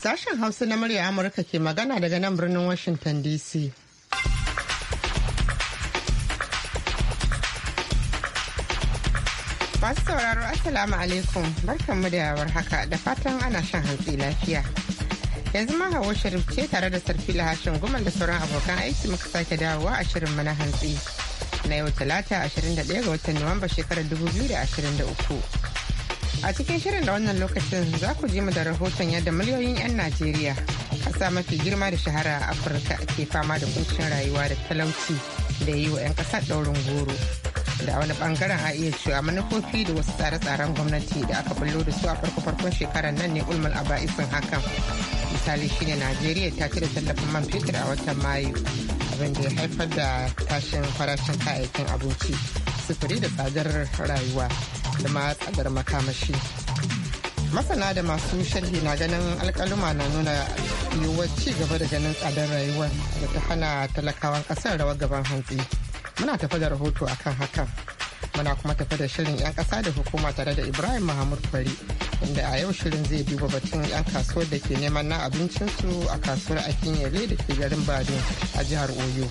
Sashen Hausa na murya Amurka ke magana daga nan birnin Washington DC. Masu sauraro Assalamu alaikum barkanmu da haka da fatan ana shan hantsi lafiya. Yanzu ma hawo shirin ce tare da Sarfi Lahashin Gumal da sauran abokan aiki muka sake dawowa a shirin mana hantsi. Na yau Talata 21 ga watan Nuwamba shekarar 2023. A cikin shirin da wannan lokacin za ku ji mu da rahoton yadda miliyoyin 'yan Najeriya ƙasa mafi girma da shahara a Afirka ke fama da kuncin rayuwa da talauci da yi wa 'yan kasar daurin goro. Da wani bangaren a iya cewa manufofi da wasu tsare-tsaren gwamnati da aka bullo da su a farko-farkon shekarar nan ne ulmul aba'isin hakan. Misali shine Najeriya ta ci da tallafin man fetur a watan Mayu abin da ya haifar da tashin farashin kayayyakin abinci sufuri da tsadar rayuwa. da tsadar makamashi masana da masu sharhi na ganin alkaluma na nuna yiwuwar ci gaba da ganin tsadar rayuwa da ta hana talakawan kasar rawar gaban hantsi muna tafi da rahoto akan hakan muna kuma tafi da shirin 'yan kasa da hukuma tare da ibrahim mahamud kwari inda a yau shirin zai duba batun 'yan kasuwar da ke neman na abincinsu a kasuwar Akin akinyele da ke garin badin a jihar oyo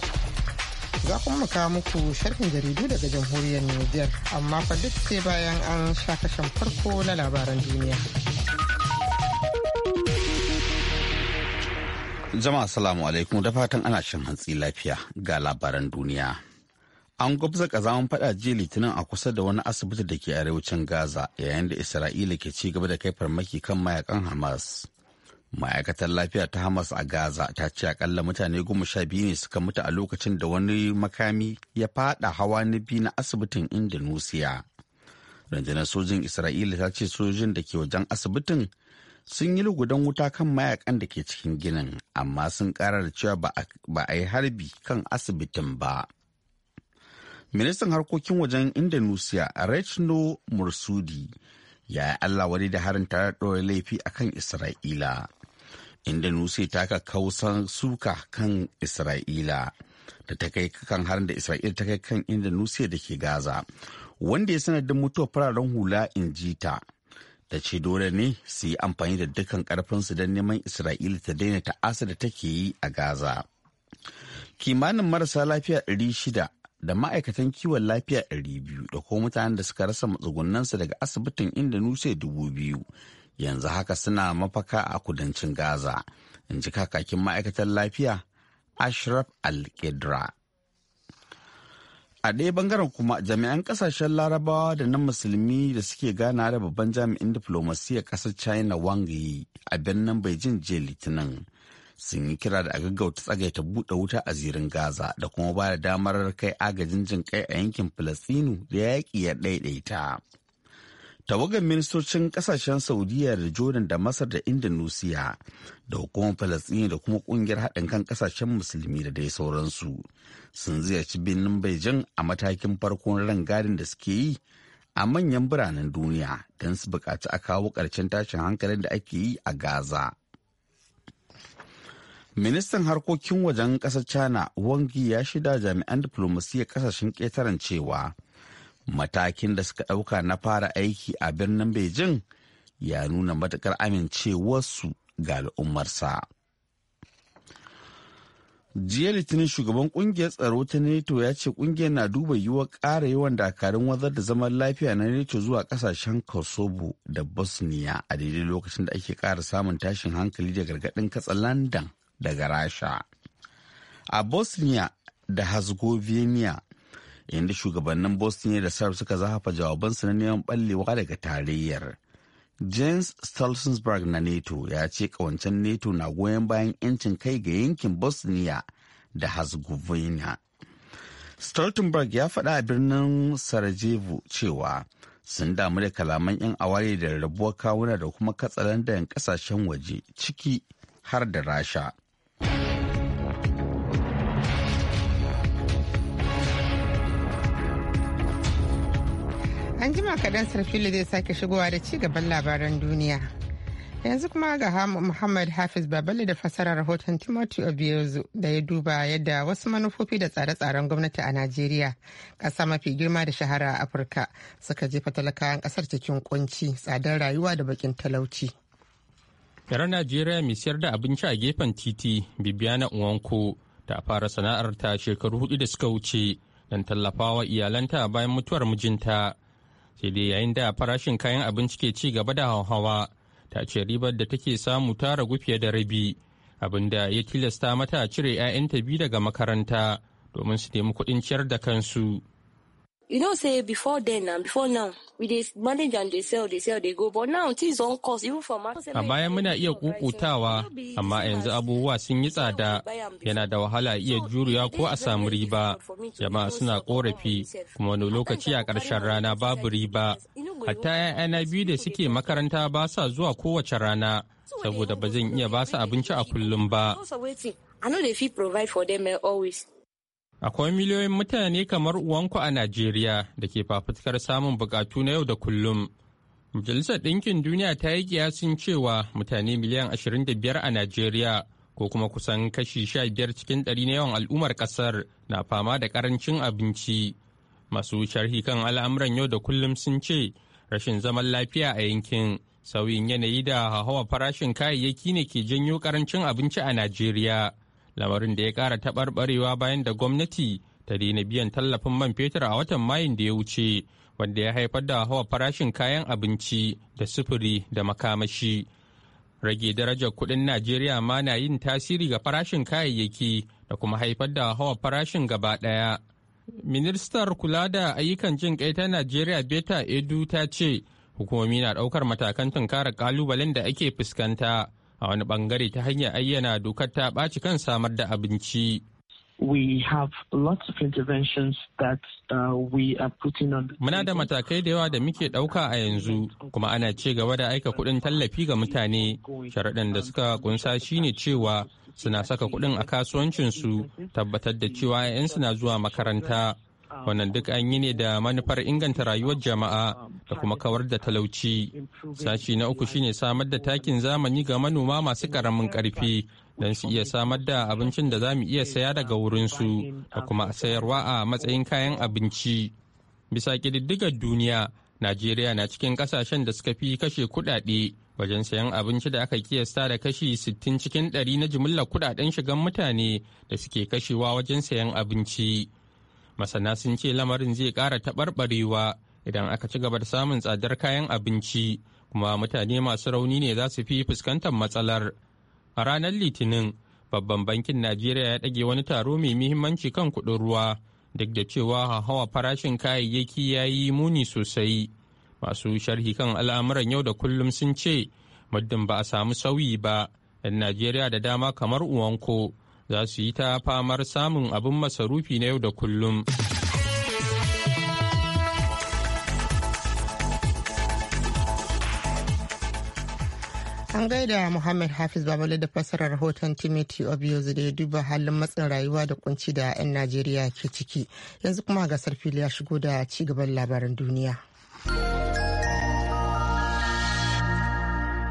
za kuma mu kawo muku sharhin jaridu daga jamhuriyar Nijar amma fa duk sai bayan an sha kashen farko na labaran duniya. Jama'a salamu alaikum da fatan ana shan hantsi lafiya ga labaran duniya. An gwabza kazaman faɗa jiya litinin a kusa da wani asibiti da ke arewacin Gaza yayin da Isra'ila ke ci gaba da kai farmaki kan mayakan Hamas. ma'aikatar lafiya ta hamas a gaza ta ce akalla mutane goma sha biyu ne suka mutu a lokacin da wani makami ya fada hawa na biyu na asibitin indonesia rundunar sojin isra'ila ta ce sojin da ke wajen asibitin sun yi lugudan wuta kan mayakan da ke cikin ginin amma sun kara da cewa ba a yi harbi kan asibitin ba ministan harkokin wajen indonesia rechno mursudi ya yi allah wani da harin tare da laifi akan isra'ila inda nusi ta ka kausan suka kan isra'ila da ta kai kan har da isra'ila ta kai kan inda nusi da ke gaza wanda ya sanar da mutuwa fararen hula in ji ta ta ce dole ne su yi amfani da dukkan karfinsu don neman isra'ila ta daina ta'asa da take yi a gaza kimanin marasa lafiya shida da ma'aikatan kiwon lafiya 200 da kuma mutanen da suka rasa matsugunansu daga asibitin inda dubu biyu. yanzu haka suna mafaka a kudancin Gaza, in ji kakakin ma'aikatar lafiya Ashraf Al-Qidra. A ɗaya bangaren kuma jami'an ƙasashen larabawa da na musulmi da suke gana da babban jami'in diflomasiyyar ƙasar China Wang Yi a birnin Beijing jiya Litinin. sun yi kira da a gaggauta tsagaita buɗe wuta a zirin Gaza da kuma ba da damar kai agajin jin kai a yankin Falasinu da yaƙi ya ɗaiɗaita. tawagar ministocin kasashen saudiya da jordan da masar da indonesia da hukumar falasɗini da kuma kungiyar haɗin kan kasashen musulmi da dai sauransu sun ziyarci birnin beijing a matakin farkon gadin da suke yi a manyan biranen duniya don su buƙaci a kawo ƙarshen tashin hankalin da ake yi a gaza ministan harkokin wajen ƙasar china wangi ya shida jami'an diflomasiyyar kasashen ƙetaren cewa matakin da suka ɗauka na fara aiki a birnin beijing ya nuna matuƙar amincewarsu ga al'ummarsa jiya litinin shugaban kungiyar tsaro ta nato ya ce kungiyar na duba yiwuwar ƙara yawan dakarun wazar da zaman lafiya na nato zuwa kasashen kosovo da bosnia a daidai lokacin da ake ƙara samun tashin hankali da gargaɗin katsa london daga rasha a bosnia da herzegovina inda shugabannin bosnia da sarb suka zahafa jawabansu na neman ɓallewa daga tarayyar james stolzenberg na nato ya ce kawancen nato na goyon bayan 'yancin kai ga yankin bosnia da herzegovina stoltenberg ya faɗa a birnin sarajevo cewa sun damu da kalaman 'yan aware da rabuwar kawuna da kuma katsalandayan kasashen waje ciki har da rasha An jima kaɗan sarfili zai sake shigowa da ci gaban labaran duniya. Yanzu kuma ga Muhammad Hafiz baballe da fasarar rahoton Timothy Obiezu da ya duba yadda wasu manufofi da tsare-tsaren gwamnati a Najeriya, ƙasa mafi girma da shahara a Afirka, suka jefa talakawan ƙasar cikin kunci, tsadar rayuwa da bakin talauci. yaran Najeriya mai siyar da abinci a gefen titi, Bibiana Nwanko, ta fara sana'ar ta shekaru hudu da suka wuce don tallafawa iyalanta bayan mutuwar mijinta. sai dai yayin da farashin kayan abinci ke ci gaba da hauhawa ta ce ribar da take samu ta ragu fiye da rabi abin da ya tilasta mata cire 'ya'yanta biyu daga makaranta domin su nemi kuɗin ciyar da kansu you know say before then and um, before now we dey manage and dey sell dey sell dey go but now things don cost even for market. a baya muna iya kukutawa amma yanzu abubuwa sun yi tsada yana da wahala iya juriya ko a samu riba jama'a suna korafi kuma wani lokaci a ƙarshen rana babu riba hatta 'ya'yana biyu da suke makaranta ba sa zuwa kowace rana saboda ba zan iya ba su abinci a kullum ba. I know they fit provide for them eh, always. Akwai miliyoyin mutane kamar uwanku a Najeriya da ke fafutukar samun bukatu na yau da kullum. Majalisar Ɗinkin Duniya ta yi kiyasin cewa mutane miliyan 25 a Najeriya ko kuma kusan kashi 15 cikin ɗari na yawan al'ummar ƙasar na fama da ƙarancin abinci. Masu sharhi kan al'amuran yau da kullum sun ce rashin zaman lafiya a yankin sauyin yanayi da hawa farashin kayayyaki ne ke janyo ƙarancin abinci a Najeriya. lamarin da ya ƙara taɓarɓarewa bayan da gwamnati ta daina biyan tallafin man fetur a watan mayun da ya wuce wanda ya haifar da hawa farashin kayan abinci da sufuri da makamashi rage darajar kuɗin najeriya ma na yin tasiri ga farashin kayayyaki da kuma haifar da hawa farashin gaba ɗaya ministar kula da ayyukan jin kai ta najeriya beta edu ta ce hukumomi na ɗaukar matakan tunkarar ƙalubalen da ake fuskanta a wani bangare ta hanyar ayyana dokar ta ɓaci kan samar da abinci. We have lots of interventions that uh, we are putting on. Muna da matakai da yawa da muke ɗauka a yanzu, kuma ana ce gaba da aika kuɗin tallafi ga mutane. Sharaɗin da suka kunsa shine cewa suna saka kuɗin a kasuwancinsu, tabbatar da cewa 'ya'yansu na zuwa makaranta. Wannan duk an yi ne da manufar inganta rayuwar jama'a da kuma kawar da talauci. Sashi na uku shine samar da takin zamani ga manoma masu karamin karfi don su iya samar da abincin da za mu iya saya daga wurinsu da kuma sayarwa a matsayin kayan abinci. Bisa ƙididdigar duniya, Najeriya na cikin ƙasashen da suka fi kashe kuɗaɗe wajen sayan abinci da aka kiyasta da kashi 60 cikin 100 na jimillar kudaden shigan mutane da suke kashewa wajen sayan abinci masana sun ce lamarin zai kara taɓarɓarewa idan aka ci gaba da samun tsadar kayan abinci kuma mutane masu rauni ne za su fi fuskantar matsalar a ranar litinin babban bankin najeriya ya ɗage wani taro mai muhimmanci kan kuɗin ruwa duk da cewa hawa farashin kayayyaki ya yi muni sosai masu sharhi kan al'amuran yau da kullum sun ce muddin ba a samu sauyi ba 'yan najeriya da dama kamar uwanko za su yi ta famar samun abin masarufi na yau da kullum. An gaida Muhammad Hafiz Babale da fassarar rahoton Timothy Obiozu da ya duba halin matsin rayuwa da kunci da 'yan Najeriya ke ciki. Yanzu kuma gasar fili ya shigo da ci gaban labaran duniya.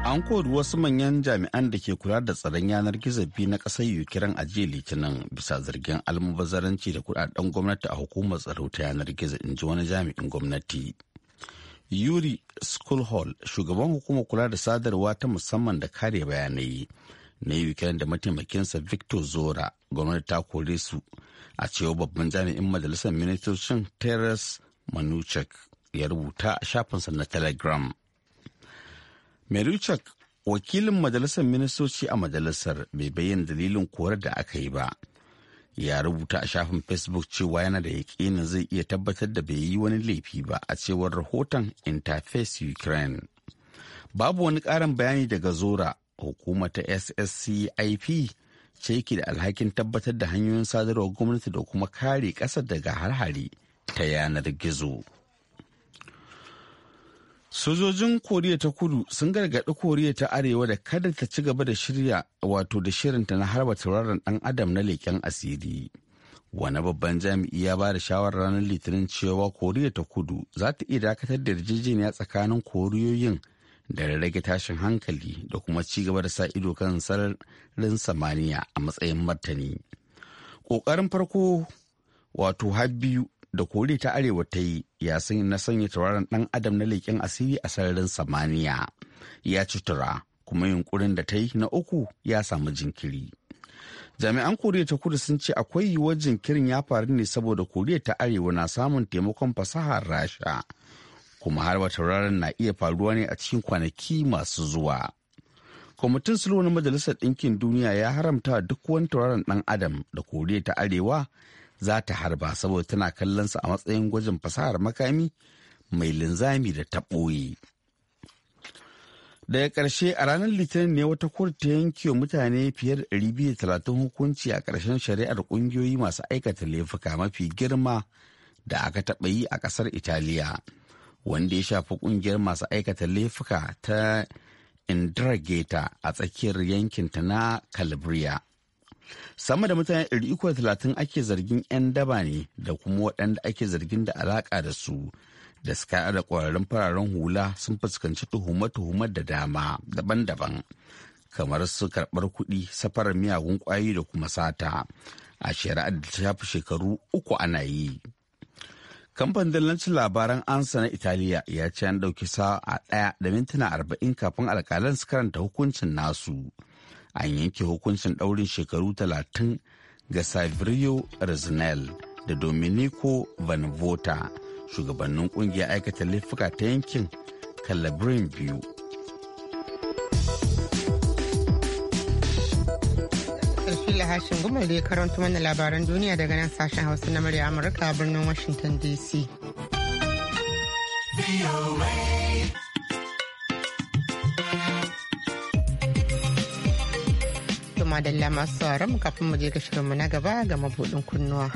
an kori wasu manyan jami'an da ke kula da tsaron yanar gizo biyu na ƙasar ukraine a jiya litinin bisa zargin almubazaranci da kudaden gwamnati a hukumar tsaro ta yanar gizo in ji wani jami'in gwamnati yuri schoolhall shugaban hukumar kula da sadarwa ta musamman da kare bayanai na ukraine da mataimakinsa victor zora gwamnati ta kore su a cewa babban jami'in majalisar ministocin teres manuchek ya rubuta a shafinsa na telegram Meluchak wakilin majalisar ministoci a majalisar bai bayyana dalilin korar da aka yi ba. Ya rubuta a shafin Facebook cewa yana da yaƙinin zai iya tabbatar da bai yi wani laifi ba a cewar rahoton Interface Ukraine. Babu wani ƙarin bayani daga Zora, hukumar ta SSCIP ce ke da alhakin tabbatar da hanyoyin sadarwar gwamnati da kuma kare ƙasar daga har ta yanar gizo. Sojojin Koriya ta Kudu sun gargaɗi Koriya ta Arewa da kada ta ci gaba da shirya wato da shirinta na harba tauraron ɗan adam na leƙen asiri. Wani babban jami'i ya ba da shawarar ranar Litinin cewa Koriya ta Kudu za ta iya dakatar da yarjejeniya tsakanin Koriyoyin da rage tashin hankali da kuma ci gaba da sa ido kan sararin samaniya a matsayin martani. Ƙoƙarin farko wato har biyu da koriya ta arewa ta yi ya na sanya tauraron dan adam na leƙen asiri a sararin samaniya ya ci tura kuma yunkurin da ta yi na uku ya samu jinkiri jami'an koriya ta kudu sun ce akwai yiwuwar jinkirin ya faru ne saboda koriya ta arewa na samun taimakon fasahar rasha kuma harba tauraron na iya faruwa ne a cikin kwanaki masu zuwa kwamitin sulhu na majalisar ɗinkin duniya ya haramta duk wani tauraron dan adam da koriya ta arewa za ta harba saboda tana kallon sa a matsayin gwajin fasahar makami mai linzami da taɓoyi. Daga ƙarshe a ranar Litinin ne wata kotu ta yanke mutane fiye da 230 hukunci a ƙarshen shari'ar ƙungiyoyi masu aikata laifuka mafi girma da aka taɓa yi a ƙasar Italiya, wanda ya shafi ƙungiyar masu aikata laifuka ta Indrageta a tsakiyar yankinta na Calabria. sama da mutane da talatin ake zargin 'yan daba ne da kuma waɗanda ake zargin da alaƙa da su da suka da ƙwararrun fararen hula sun fuskanci tuhumar tuhumar da dama daban-daban kamar su karɓar kuɗi safarar miyagun ƙwayoyi da kuma sata a shari'ar da ta shafi shekaru uku ana yi kamfanin dillancin labaran ansa na italiya ya ce an ɗauki sa a ɗaya da mintuna arba'in kafin alƙalan su karanta hukuncin nasu an yanke hukuncin ɗaurin shekaru talatin ga savrio Reznel da Domenico Vanvota shugabannin kungiyar aikata laifuka ta yankin Calabrian biyu. Hashin Gumal da ya karanto mana labaran duniya daga nan sashen Hausa na murya Amurka a birnin Washington DC. madalla masu sauran kafin mu je ga shirinmu na gaba ga mabudin kunnuwa.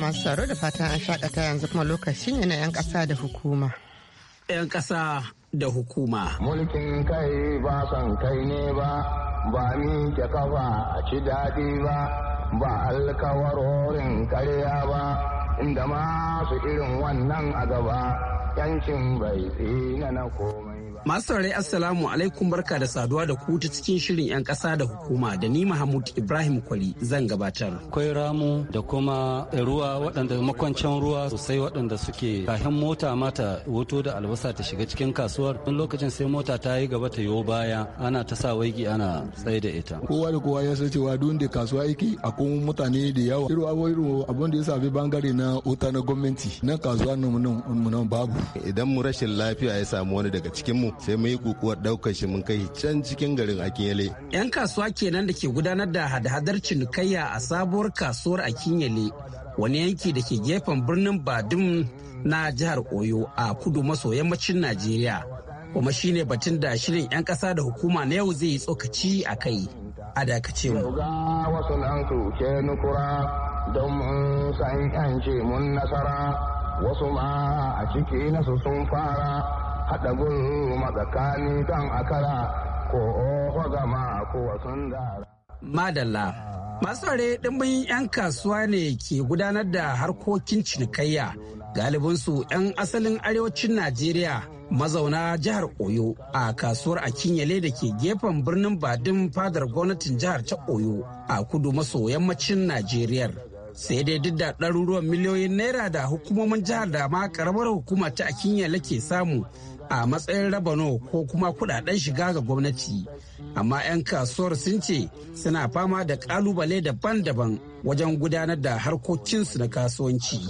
masu tsaro da fata an shakata yanzu kuma lokaci ne na 'yan ƙasa da hukuma. 'Yan ƙasa da hukuma. Mulkin kai ba son kai ne ba, ba ni ke kafa a ci daɗi ba, ba alkawarorin karya ba, inda masu irin wannan a gaba, 'yancin bai tsina na koma. Masu saurari Assalamu alaikum barka da saduwa da ku ta cikin shirin 'yan ƙasa da hukuma da ni Mahmud Ibrahim Kwali zan gabatar. Kwai ramu da kuma ruwa waɗanda makwancin ruwa sosai waɗanda suke kahin mota mata wuto da albasa ta shiga cikin kasuwar. Tun lokacin sai mota ta yi gaba ta yo baya ana ta sa waigi ana tsaye da ita. Kowa da kowa ya san cewa duk da kasuwa yake akwai mutane da yawa. Irin abin da ya sabi bangare na wuta na gwamnati na kasuwa nan babu. Idan mu rashin lafiya ya samu wani daga cikin mu sai mu yi kukuwar daukar shi mun kai can cikin garin akinyele yan kasuwa kenan da ke gudanar da hada-hadar cinikayya a sabuwar kasuwar akinyele wani yanki da ke gefen birnin badum na jihar oyo a kudu maso yammacin najeriya kuma shine batun da shirin 'yan kasa da hukuma na yau zai yi tsokaci a kai a dakace mu don mun mun nasara wasu ma a ciki nasu sun fara haɗa gulu matsakani don akara ko ko wasan dara. Madalla, masu ware ɗimbin 'yan kasuwa ne ke gudanar da harkokin cinikayya galibinsu 'yan asalin arewacin Najeriya mazauna jihar Oyo a kasuwar Akinyele da ke gefen birnin Badin fadar gwamnatin jihar ta Oyo a kudu maso yammacin Najeriya. sai dai duk da ɗaruruwan miliyoyin naira da hukumomin jihar da ma karamar hukuma ta akinya ke samu a matsayin rabano ko kuma kudaden shiga ga gwamnati amma 'yan kasuwar sun ce suna fama da kalubale daban-daban wajen gudanar da harkokinsu na kasuwanci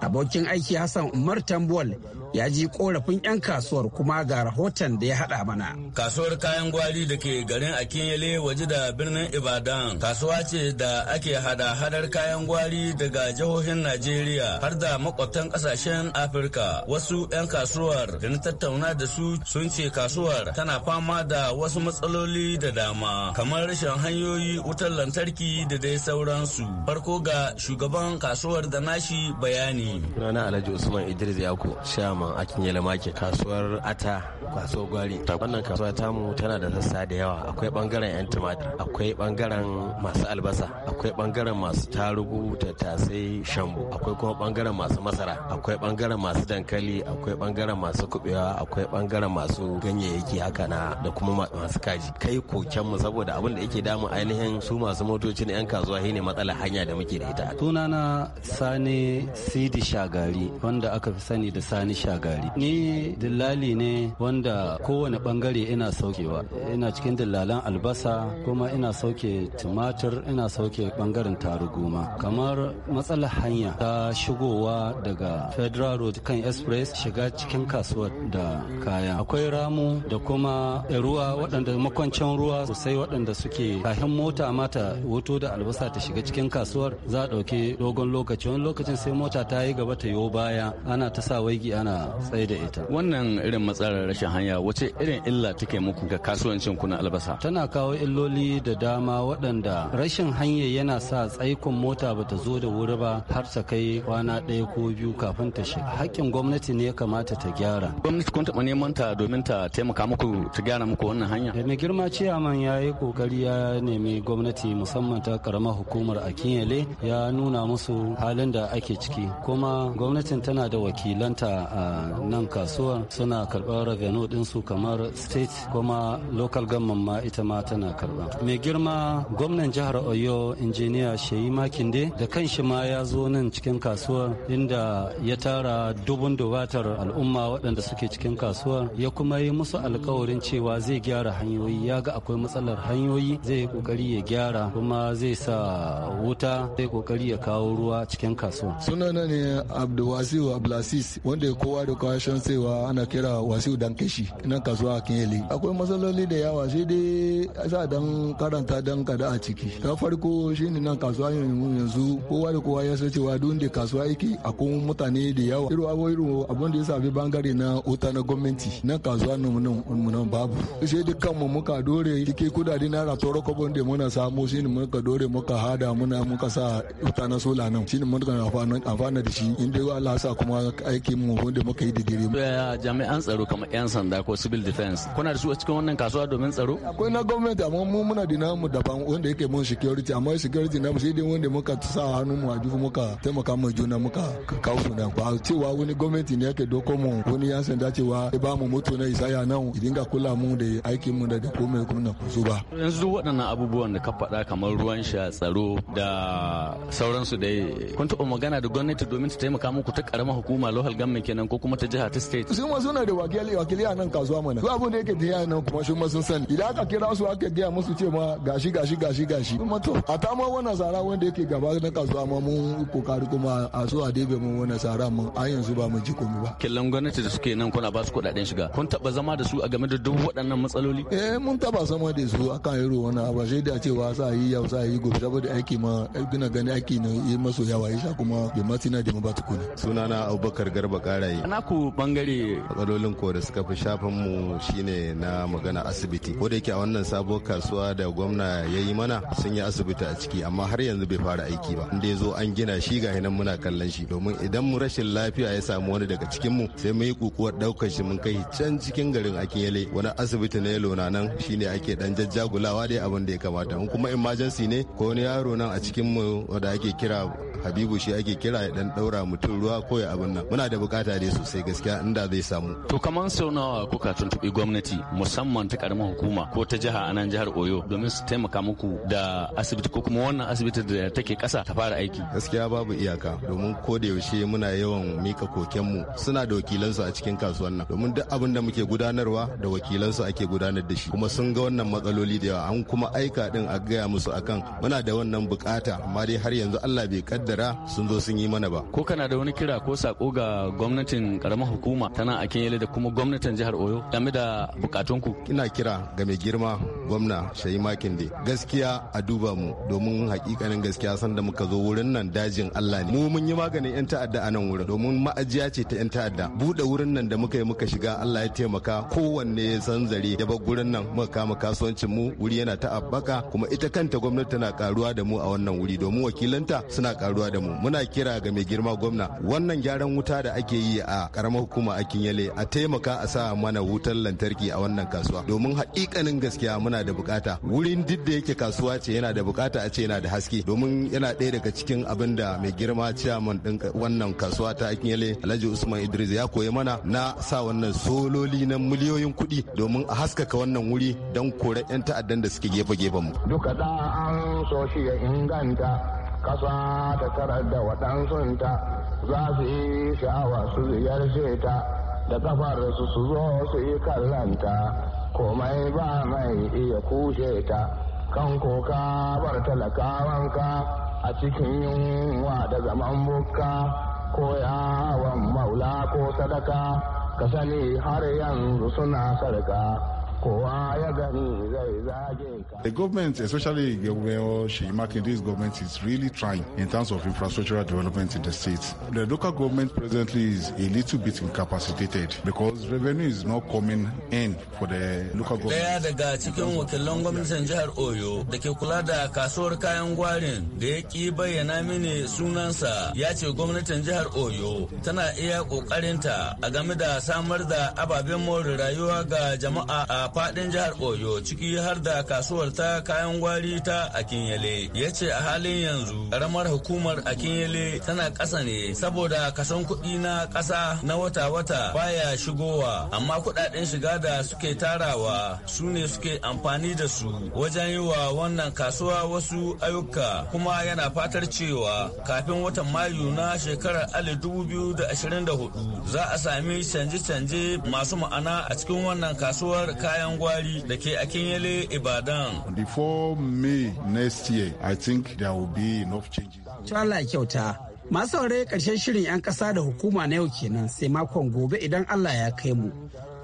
abokin aiki hassan umar tambuwal ya ji korafin 'yan kasuwar kuma ga rahoton da ya haɗa mana. Kasuwar kayan gwari da ke garin Akinyele waje da birnin Ibadan kasuwa ce da ake hada hadar kayan gwari daga jihohin Najeriya har da makwabtan ƙasashen Afirka. Wasu 'yan kasuwar da na tattauna da su sun ce kasuwar tana fama da wasu matsaloli da dama kamar rashin hanyoyi wutar lantarki da dai sauransu. Farko ga shugaban kasuwar da nashi bayani. Sunana Alhaji Usman Idris Yako, cikin Akinyele Make kasuwar Ata kasuwar Gwari. Wannan kasuwa tamu tana da sassa da yawa. Akwai bangaren 'yan tumatir, akwai bangaren masu albasa, akwai bangaren masu tarugu, tattasai, shambu, akwai kuma bangaren masu masara, akwai bangaren masu dankali, akwai bangaren masu kubewa, akwai bangaren masu ganyayyaki haka na da kuma masu kaji. Kai koken mu saboda abin da yake damu ainihin su masu motocin 'yan kasuwa shine matsalar hanya da muke da ita. Sunana Sani Sidi Shagari wanda aka fi sani da Sani sha gari ni dillali ne wanda kowane bangare ina saukewa ina cikin dillalan albasa kuma ina sauke tumatir ina sauke bangaren taruguma kamar matsalar hanya ta shigowa daga federal road kan express shiga cikin kasuwar da kaya akwai ramu da kuma ruwa waɗanda makwancin ruwa sosai waɗanda suke kahin mota mata wuto da albasa ta shiga cikin kasuwar za a ɗauki dogon lokaci wani lokacin sai mota ta yi gaba ta yo baya ana ta sa waigi ana tsaye da ita wannan irin matsalar rashin hanya wace irin illa take muku ga kasuwancin kuna albasa tana kawo illoli da dama waɗanda rashin hanya yana sa tsaikon mota bata zo da wuri ba har ta kai kwana ɗaya ko biyu kafin ta shiga hakkin gwamnati ne ya kamata ta gyara gwamnati kun taɓa neman ta domin ta taimaka muku ta gyara muku wannan hanya da mai girma ciyaman ya yi kokari ya nemi gwamnati musamman ta karamar hukumar a kinyale ya nuna musu halin da ake ciki kuma gwamnatin tana da wakilanta a nan kasuwar suna karɓar revenue ɗinsu kamar state kuma local government ma ita ma tana karɓa mai girma gwamnan jihar oyo injiniya shayi makinde da kanshi ma ya zo nan cikin kasuwar inda ya tara dubun dubatar al'umma waɗanda suke cikin kasuwar ya kuma yi musu alkawarin cewa zai gyara hanyoyi ya ga akwai matsalar hanyoyi zai yi kokari ya gyara kuma zai sa wuta zai kokari ya kawo ruwa cikin kasuwa sunana ne abdulwasiu abdulaziz wanda kowa ba da kwashen cewa ana kira wasu dan kashi nan kasuwa yale akwai matsaloli da yawa sai dai za dan karanta dan kada a ciki ta farko shine nan kasuwa yanzu kowa da kowa ya san cewa duk da kasuwa yake akwai mutane da yawa irin abu irin abun da ya sabi bangare na wuta na gwamnati nan kasuwa mu nan babu sai kan mu muka dore kike kudade na ra toro kobon da muna samu shine muka dore muka hada muna muka sa wuta na sola nan shine mun muka amfana da shi inda Allah sa kuma aikin mu wanda da muka yi da dare. jami'an tsaro kamar 'yan sanda ko civil defense kuna da su a cikin wannan kasuwa domin tsaro? akwai na government amma mu muna da namu daban wanda yake mun security amma security namu sai dai wanda muka sa hannu mu a jufu muka taimaka mu juna muka kawo su nan ba cewa wani government ne yake doko mu wani 'yan sanda cewa ba mu moto na ya nan dinga kula mu da aikin mu da da komai kuma na kusu ba. yanzu waɗannan abubuwan da ka faɗa kamar ruwan sha tsaro da sauransu dai kun taɓa magana da gwamnati domin ta taimaka muku ta ƙaramar hukuma lohal gamin kenan ko kuma ta jiha ta state su ma suna da wakili a nan kasuwa mana su abin da yake tafiya nan kuma shi ma sun sani idan aka kira su aka gaya musu ce ma gashi gashi gashi gashi kuma to a ta ma wannan sara wanda yake gaba na kasuwa ma mun kokari kuma a so a debe mun wannan sara mun a yanzu ba mu ji komai ba killan gwamnati da suke nan kuna ba su kudaden shiga kun taba zama da su a game da duk waɗannan matsaloli eh mun taba zama da su akan irin wannan abu sai da cewa sa yi yau sa yi gobe saboda aiki ma gina gani aiki ne yi maso yawa ya sha kuma bai ma tina da ba tukuna sunana Abubakar Garba Karaye ana ku bangare matsalolin ko da suka fi shafin mu shine na magana asibiti ko da yake a wannan sabuwar kasuwa da gwamna ya yi mana sun yi asibiti a ciki amma har yanzu bai fara aiki ba inda ya zo an gina shi ga nan muna kallon shi domin idan mu rashin lafiya ya samu wani daga cikin mu sai mu yi kukuwar daukar shi mun kai can cikin garin akinyele wani asibiti na yalo na nan shine ake dan jajjagulawa dai abin da ya kamata mu kuma emergency ne ko wani yaro nan a cikin mu wanda ake kira habibu shi ake kira ya dan daura mutum ruwa ko ya abin nan muna da bukata dai sosai gaskiya inda zai samu. To kamar sau nawa kuka tuntuɓi gwamnati musamman ta karamar hukuma ko ta jiha a nan jihar Oyo domin su taimaka muku da asibiti ko kuma wannan asibiti da take ƙasa ta fara aiki. Gaskiya babu iyaka domin ko da yaushe muna yawan mika kokenmu suna da wakilansu a cikin kasuwan nan domin duk abin da muke gudanarwa da wakilansu ake gudanar da shi kuma sun ga wannan matsaloli da yawa an kuma aika din a gaya musu akan muna da wannan bukata amma dai har yanzu Allah bai kaddara sun zo sun yi mana ba. Ko kana da wani kira ko sako ga gwamnatin wakilcin karamar hukuma tana a Kenyele da kuma gwamnatin jihar Oyo game da bukatunku. Ina kira ga mai girma gwamna Shayi Makinde. Gaskiya a duba mu domin hakikanin gaskiya san da muka zo wurin nan dajin Allah ne. Mu mun yi maganin 'yan ta'adda a nan wurin domin ma'ajiya ce ta 'yan ta'adda. Buɗe wurin nan da muka yi muka shiga Allah ya taimaka kowanne ya san zare ya bar gurin nan muka kama kasuwancin mu wuri yana ta'abbaka kuma ita kanta gwamnati tana karuwa da mu a wannan wuri domin wakilanta suna karuwa da mu. Muna kira ga mai girma gwamna wannan gyaran wuta da ake yi a karamar hukuma a kinyale a taimaka a sa mana wutar lantarki a wannan kasuwa domin haƙiƙanin gaskiya muna da bukata wurin duk da yake kasuwa ce yana da bukata a ce yana da haske domin yana ɗaya daga cikin abin da mai girma ciyaman ɗin wannan kasuwa ta kinyale alhaji usman idris ya koyi mana na sa wannan sololi na miliyoyin kuɗi domin a haskaka wannan wuri don kore 'yan ta'addan da suke gefe-gefen mu duka da an so shi ya inganta Ƙasa ta tarar da waɗansunta za su yi sha'awa su ziyarce ta da kafar su su zo su yi kallanta komai ba mai iya kushe ta kan koka bar talakawanka a cikin yunwa da zaman bukka ko yawon maula ko sadaka ka sani har yanzu suna sarka The government, especially where she this government, is really trying in terms of infrastructural development in the state. The local government presently is a little bit incapacitated because revenue is not coming in for the local government. Daya daga cikin wakilan gwamnatin jihar Oyo da ke kula da kasuwar kayan gwarin da ya ki bayyana mini sunansa ya ce gwamnatin jihar Oyo tana iya kokarinta a game da samar da ababen more rayuwa ga jama'a a faɗin jihar Oyo ciki har da kasuwar ta kayan gwari ta Akinyele. Ya ce a halin yanzu ƙaramar hukumar Akinyele tana ƙasa ne saboda kasan kuɗi na ƙasa na wata-wata baya shigowa amma kuɗaɗen shiga da suke tarawa su ne suke amfani da su wajen yi wa wannan kasuwa wasu ayyuka kuma yana fatar cewa kafin watan Mayu na shekarar 2024 za a sami canje-canje masu ma'ana a cikin wannan kasuwar kayan kayan gwari da ke a Kinyele Ibadan. Before May next year, I think there will be enough changes. Tala kyauta. Masu aure karshen shirin 'yan ƙasa da hukuma na yau kenan sai makon gobe idan Allah ya kai mu.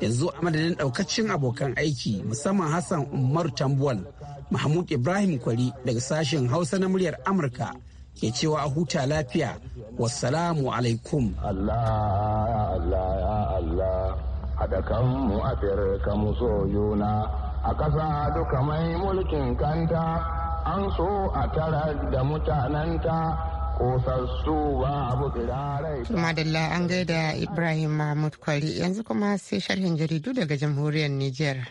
Yanzu a madadin ɗaukacin abokan aiki musamman Hassan Umar Tambuwal, Mahmud Ibrahim Kwari daga sashen Hausa na muryar Amurka ke cewa a huta lafiya. Wassalamu alaikum. Allah, Allah, Allah. haɗa kanmu a firka muso yuna a ƙasa duka mai mulkin kanta an so a tara da mutananta kosassu ba abu tsirarai. Madalla an gaida Ibrahim Mahmud Kwari yanzu kuma sai sharhin jaridu daga jamhuriyar niger.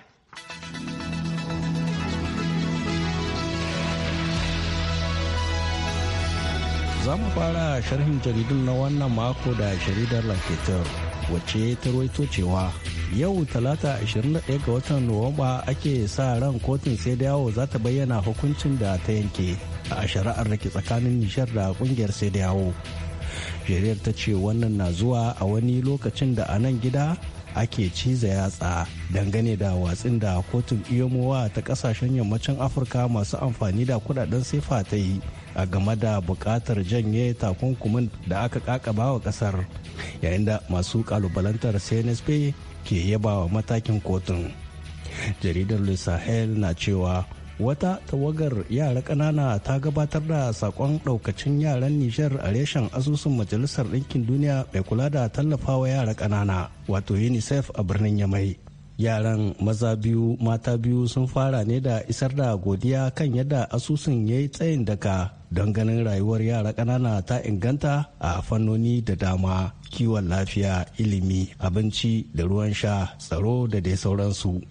Za mu fara sharhin jaridun na wannan mako da jaridar Laketer. wacce ta roito cewa yau talata 21 ga watan nuwamba ake sa ran kotun sai da yawo za ta bayyana hukuncin da ta yanke a shari'ar da ke tsakanin nishar da kungiyar sai da yawo jeriyar ta ce wannan na zuwa a wani lokacin da a nan gida ake ciza yatsa dangane da watsin da kotun iyomowa ta kasashen yammacin afirka masu amfani da kudaden sefa ta yi a game da bukatar janye takunkumin da aka kakaba wa ƙasar yayin da masu kalubalantar cnsp ke yabawa matakin kotun jaridar le sahel na cewa wata tawagar yara kanana ta gabatar da sakon ɗaukacin yaran nijar a reshen asusun majalisar ɗinkin duniya mai kula da tallafawa yara ƙanana wato unicef a birnin yamai yaran maza biyu mata biyu sun fara ne da isar da godiya kan yadda asusun ya yi tsayin daka don ganin rayuwar yara ƙanana ta inganta a fannoni da dama kiwon lafiya ilimi abinci da ruwan sha tsaro da dai sauransu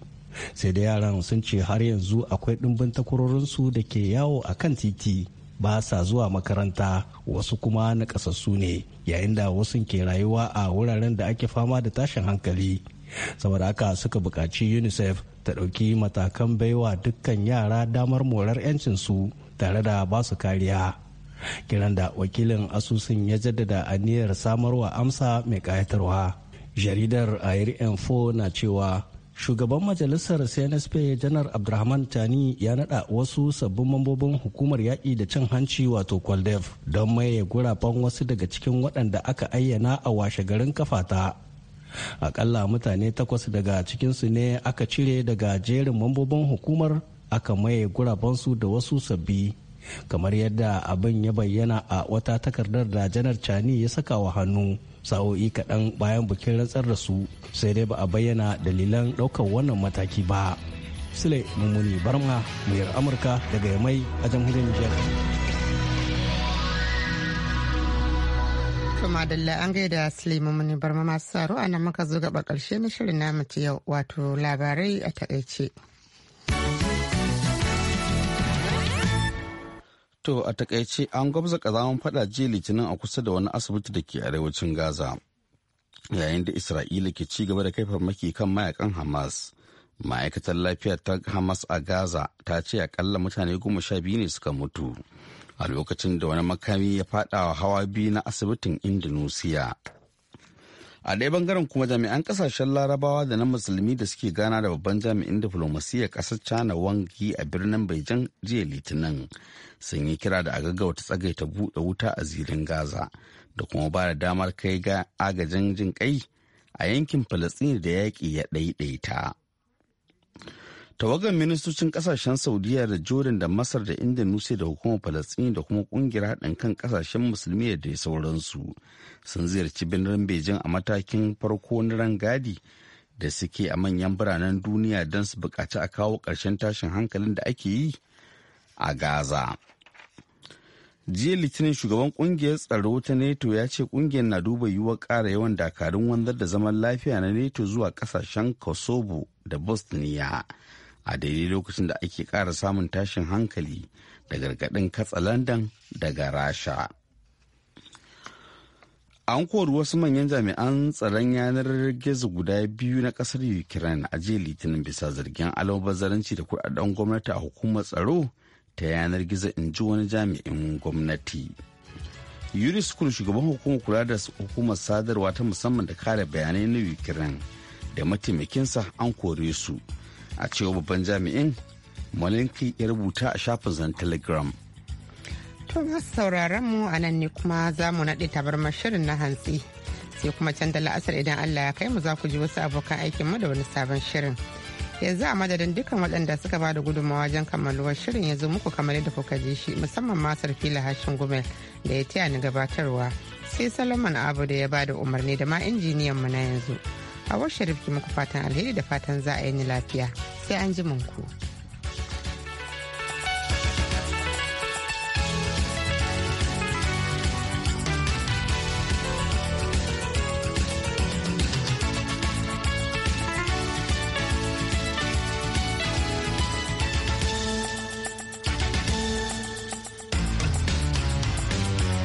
sai da yaran sun ce har yanzu akwai ɗimbin takwarorinsu da ke yawo a kan titi ba sa zuwa makaranta wasu kuma na nakasassu ne yayin da wasu ke rayuwa a wuraren da ake fama da tashin hankali saboda haka suka buƙaci unicef ta ɗauki matakan baiwa dukkan yara damar morar 'yancinsu tare da ba su kariya kiran da wakilin asusun ya jaddada aniyar samarwa amsa mai ƙayatarwa jaridar air info na cewa shugaban majalisar cnsp janar Abdurrahman tani ya nada wasu sabbin mambobin hukumar yaƙi da cin hanci wato kwaldef don maye gurafan wasu daga cikin waɗanda aka ayyana a washe garin kafata akalla mutane takwas daga cikinsu ne aka cire daga jerin mambobin hukumar aka maye gurabansu da wasu sabbi kamar yadda abin ya bayyana a wata takardar da janar cani ya saka wa hannu sa'o'i kaɗan bayan bikin rantsar da su sai dai ba a bayyana dalilan ɗaukar wannan mataki ba sule mummuni barma muyar amurka daga yamai a jamhuriyar nijar To dalla an gaida Suleiman Muni Barma masu saro a nan muka zo gaba karshe na shirin namu ta yau wato labarai a takaice. To a takaice an gwabza kazaman fada jiya litinin a kusa da wani asibiti da ke arewacin Gaza. Yayin da Isra'ila ke ci gaba da kai farmaki kan mayakan Hamas. Ma'aikatar lafiya ta Hamas a Gaza ta ce akalla mutane goma sha biyu ne suka mutu. a lokacin da wani makami ya fada wa hawa biyu na asibitin indonesia a ɗaya bangaren kuma jami'an kasashen larabawa da na musulmi da suke gana da babban jami'in diflomasiya ƙasar china wang yi a birnin beijing jiya litinin sun yi kira da a gaggauta tsagaita buɗe wuta a zirin gaza da kuma ba da damar kai ga agajin jin kai a yankin falastin da yaƙi ya ɗaiɗaita. tawagar ministocin kasashen saudiya da jordan da masar da indonesia da hukumar falastini da kuma kungiyar haɗin kan kasashen musulmi da dai sauransu sun ziyarci birnin beijing a matakin farko na rangadi da suke a manyan biranen duniya don su buƙaci a kawo ƙarshen tashin hankalin da ake yi a gaza jiya litinin shugaban kungiyar tsaro ta neto ya ce kungiyar na duba yiwuwar ƙara yawan dakarun wanzar da zaman lafiya na neto zuwa kasashen kosovo da bosnia a daidai lokacin da ake kara samun tashin hankali da gargaɗin katsalandan daga rasha an kori wasu manyan jami'an tsaron yanar gizo guda biyu na ƙasar ukraine a jiya litinin bisa zargin almubazzaranci da kudaden gwamnati a hukumar tsaro ta yanar gizo in ji wani jami'in gwamnati yuris kun shugaban hukumar kula da hukumar sadarwa ta musamman da kare bayanai na ukraine da mataimakinsa an kore su a cewa babban jami'in malinki ya rubuta a shafin telegram to masu sauraron mu a nan ne kuma za mu naɗe tabarmar shirin na hantsi sai kuma can da la'asar idan allah ya kai mu za ku ji wasu abokan aikin mu da wani sabon shirin yanzu a madadin dukkan waɗanda suka ba da gudunmawa wajen kammaluwar shirin ya zo muku kamar yadda kuka ji shi musamman ma sarfi hashin gumel da ya taya ni gabatarwa sai salomon abu da ya ba da umarni da ma injiniyan mu na yanzu a washe rifki muku fatan alheri da fatan za a yi ni lafiya sai an ji ku.